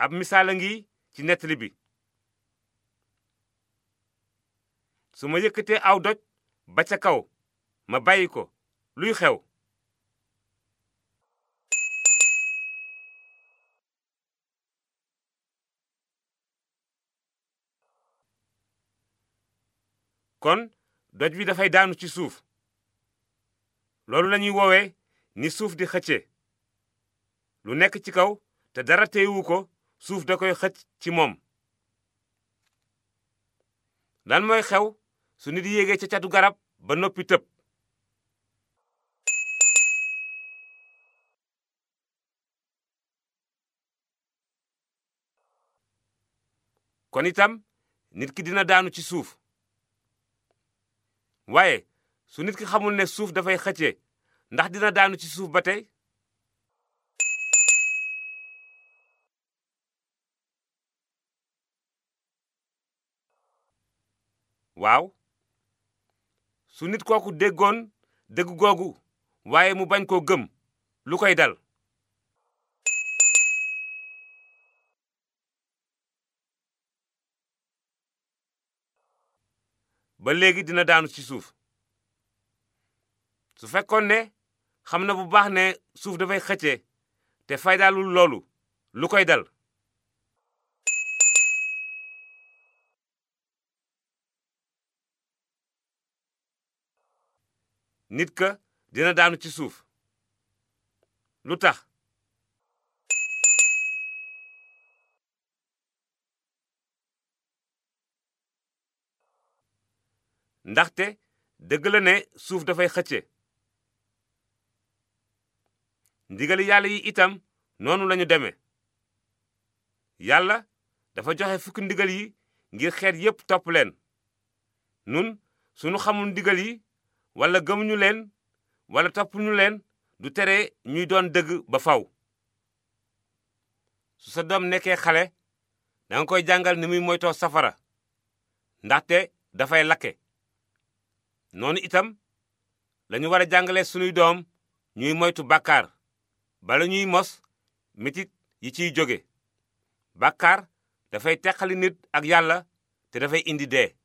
ab misaal a ngi ci nettali bi su ma yëkkatee aw doj ba ca kaw ma bàyyi ko luy xew kon doj wi dafay daanu ci suuf loolu lañuy woowee ni suuf di xëcce lu nekk ci kaw te dara teewu ko suuf da koy xëcc ci moom lan mooy xew su nit yéegee ca catu garab ba noppi tëb kon itam nit ki dina daanu ci suuf waaye su nit ki xamul ne suuf dafay xëcce ndax dina daanu ci suuf ba tey waaw su nit kooku déggoon dëgg googu waaye mu bañ koo gëm lu koy dal ba léegi dina daanu ci suuf su fekkoon ne xam na bu baax ne suuf dafay xëcce te faydaalul loolu lu koy dal nit ka dina daanu ci suuf lu tax ndaxte dëgg la ne suuf dafay xëcce ndigal yàlla yi itam noonu lañu deme yàlla dafa joxe fukki ndigal yi ngir xeet yépp topp leen nun sunu xamul ndigal yi wala gëmuñu leen wala toppuñu leen du tere ñuy doon dëgg ba faw su sa doom nekkee xale danga koy jàngal ni muy moytoo safara ndaxte dafay lakke noonu itam lañu war a jàngale sunuy doom ñuy moytu bàkkaar bala ñuy mos metit yi ciy jóge bàkkaar dafay teqali nit ak yàlla te dafay indi dee